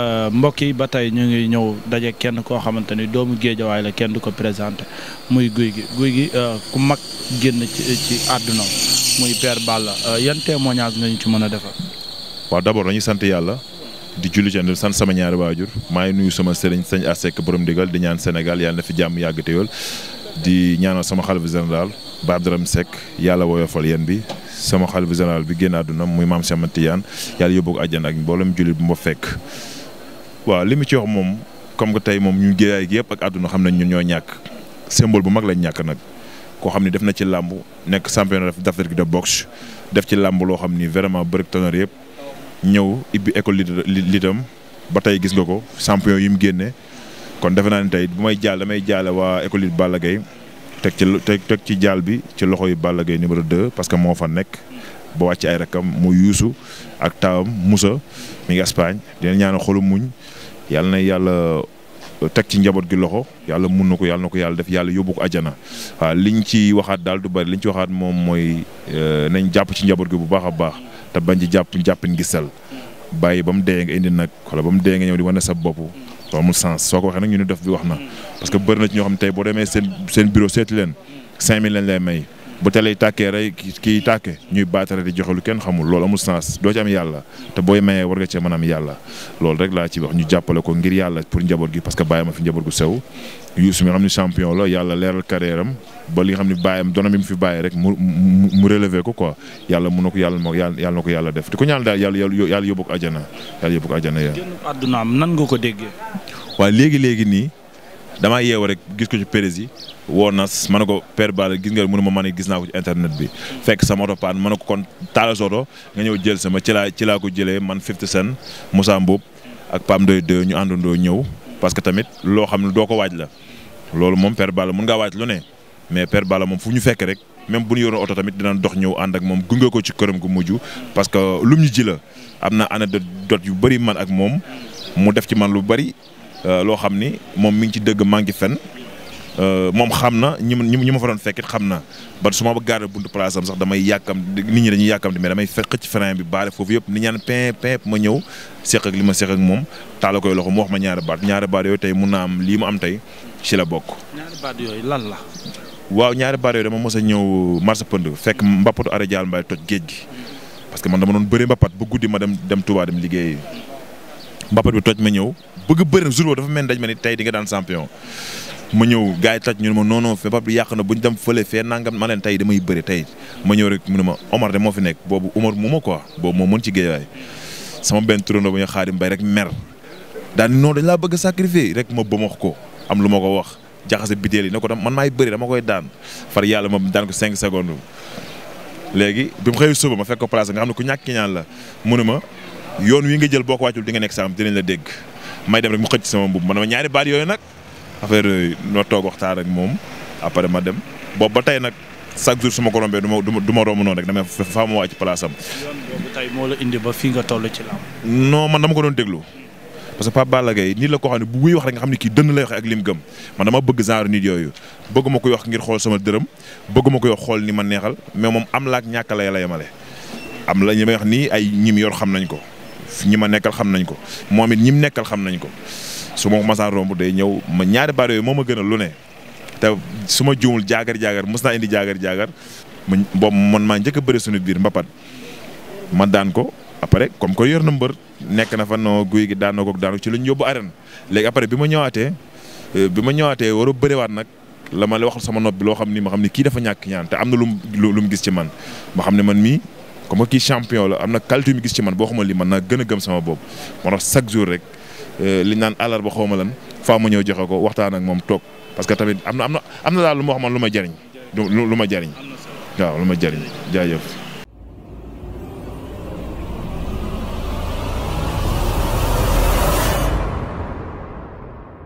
Euh, mbokk yi ba tey ñu ngi ñëw daje kenn koo xamante ni doomu waay la kenn du ko présenté muy guy gi guy gi euh, ku mag génn ci ci àdduna muy Père Balla euh, yan témoignage nga ñu ci mën a defar waa d'abord dañuy sant yàlla di julli ci sant sama ñaari waajur maa ngi nuyu sama sëriñ a sekk borom ndigal di ñaan Sénégal yàlla na fi jàmm yàgg te yool di ñaanal sama xalifa général Ba Abdourahmane Seck yàlla woyofal yéen bi sama xalifa général bi génn àdduna muy maam Cheikh Tidiane yàlla yóbbu ko àjjana ak mboolem jullit bu ma fekk. quoi li mu ci wax moom comme que tey moom ñu géyaay gi yëpp ak àdduna xam nañ ñu ñoo ñàkk symbole bu mag lañ ñàkk nag koo xam ni def na ci làmb nekk championnat d'Afrique de boxe def ci làmb loo xam ni vraiment bëri tonnerre yëpp ñëw ibbi école litam ba tey gis nga ko champion yi mu génne kon defe naa ne tey bu may jaal damay jaale waa école it Balla Gaye teg ci teg ci jaal bi ci loxo yu Balla Gaye numéro 2 parce que moo fa nekk ba wàcc ay rakkam mu yuusu ak taam musa mi ngi Espagne dina ñaan xolu muñ yàlla na yàlla euh, teg ci njaboot gi loxo yàlla mun na ko yàlla ko yàlla def yàlla yóbbu ko àjjana waaw liñ ci waxaat daal du bari liñ ci waxaat moom mooy euh, nañ jàpp ci njaboot gi bu baax a baax te bañ ci jàpp jàppin gisal bàyyi ba mu dee nga indi nag wala ba mu dee nga ñëw di wane sa bopp amul sens soo ko waxee nag ñu ne def bi wax na parce que bëri na ci ñoo ne tey boo demee seen seen bureau seeti leen 5000 lañ lay may. bu télé tàkkee rey kii tàkke ñuy baatare di lu kenn xamul lool amul sens doo ci am yàlla te boo mayee war nga cee mën yàlla loolu rek laa ci wax ñu jàppale ko ngir yàlla pour njaboot gi parce que bàyyi ma fi njaboot gu sew Youssou mi xam ne champion la yàlla leeral carrière am xam ne bàyyam doona bi mu fi bàyyi rek mu mu relever ko quoi yàlla mun na ko yàlla moo yàlla yàlla def te ko ñaan daal yàlla yàlla yóbbu ko àjjana yàlla yóbbu ko àjjana ya. génn àddunaam nan nga ko déggee. waaw léegi léegi dama yeew rek gis ko ci Pérez yi woo nas ma ne ko per Balla gis nga mënu ma man gis naa ko ci internet bi fekk sama oto paan ma ne ko kon taala soto nga ñëw jël sama ci laa ko jëlee man 50 Cent Moussa Mboob ak Pam Doy de ñu àndandoo ñëw parce que tamit loo xam ne doo ko waaj la loolu moom per Balla mun ngaa waaj lu ne mais Père Balla moom fu ñu fekk rek même bu ñu yoroon oto tamit dina dox ñëw ànd ak moom gunge ko ci këram gu mujj parce que lum ñu ji la am na anecdote yu bëri man ak moom mu def ci man lu bëri Euh, loo xam ni moom mi ngi ci dëgg maa ngi fen euh, moom xam na ñi ma ñi ma fa doon fekkit xam na ba su ma ba gaaree buntu place am sax damay yàkkam nit ñi dañuy yàkkamti mais damay fekk ci frein bi baare foofu yëpp ni ñaan pin pin ma ñëw seq ak li ma seq ak moom taala koy loxo mu wax ma ñaari baat ñaari baat yooyu tey mun naa am lii ma am tey si la bokk. ñaari yooyu lan la. waaw ñaari baat yooyu dama mos a ñëw marché pënd fekk mbappatu arrêt Diallo Mbaye toj géej gi parce que man dama doon bëri mbappat ba guddi ma dem dem Touba dem liggéeyi. mbapat bi toj ma ñëw bëgg bëri na jour boobu dafa mel ni dañ ma ni tey di nga daan champion ma ñëw gaa yi toj ñu ne ma non non mbapat bi yàq na bu ñu dem fële fee nangam ma leen tey damay bëri tey ma ñëw rek mu ne ma Omar de moo fi nekk boobu Omar mu ma quoi boobu moo mën ci géejawaay sama benn turandoo bu ñu xaadim bay rek mer daan non dañ laa bëgg sacrifier rek ma bëmax ko am lu ma ko wax jaxase biteel yi ne ko tam man maay bëri dama koy daan far yàlla ma daan ko cinq secondes léegi bi mu xëy suba ma fekk ko place nga xam ne ku ñàkk ñaan la mu ne ma yoon wi nga jël boo ko wàccul di nga nekk saam dinañ la dégg may dem rek mu xëcc sama mbubb ma dama ñaari baat yooyu nag affaire yooyu toog waxtaan ak moom après ma dem boobu ba tey nag chaque jour su ma ko rombee du ma du ma romb noonu rek dama faa ma wàcc place am. yoon boobu tey moo la indi ba fii nga man dama ko doon déglu. parce que Pape Balla Gaye nit la ko xam ne bu buy wax rek nga xam ne kii dënn lay wax ak lim gëm man dama bëgg genre nit yooyu bëgguma ko koy wax ngir xool sama dërëm bëgguma ko koy xool ni ma neexal mais moom am la ak ñàkk lay la yemale am la ñi ma wax nii ay ñim yor xam nañ ko ñi ma nekkal xam nañ ko moom it ñi mu nekkal xam nañ ko su ma masaan romb day ñëw ma ñaari baar yooyu moo ma a lu ne te su ma juumul jaagar jaagar mos naa indi jaagar jaagar ma boobu man maa njëkk a suñu biir mbapat ma daan ko après comme que yor na mbër nekk na fa no guy gi daan na ko daan ci la ñu yóbbu arène léegi après bi ma ñëwaatee euh, bi ma ñëwaatee war bëriwaat nag la ma la waxal sama nopp loo xam ni ma xam ne kii dafa ñàkk ñaan te am na lu mu lu mu gis ci man ma xam ne man mii comme kii champion la am na qualité mi gis ci man boo xamal li man naa gën a gëm sama bopp moo tax chaque jour rek euh, li naan àllarba xaw ma lan faa ma ñëw joxe ko waxtaan ak moom toog parce que tamit am na am na am na daal lu ma xamal lu ma jariñ lu ma jariñ waaw lu ma jariñ jaajëf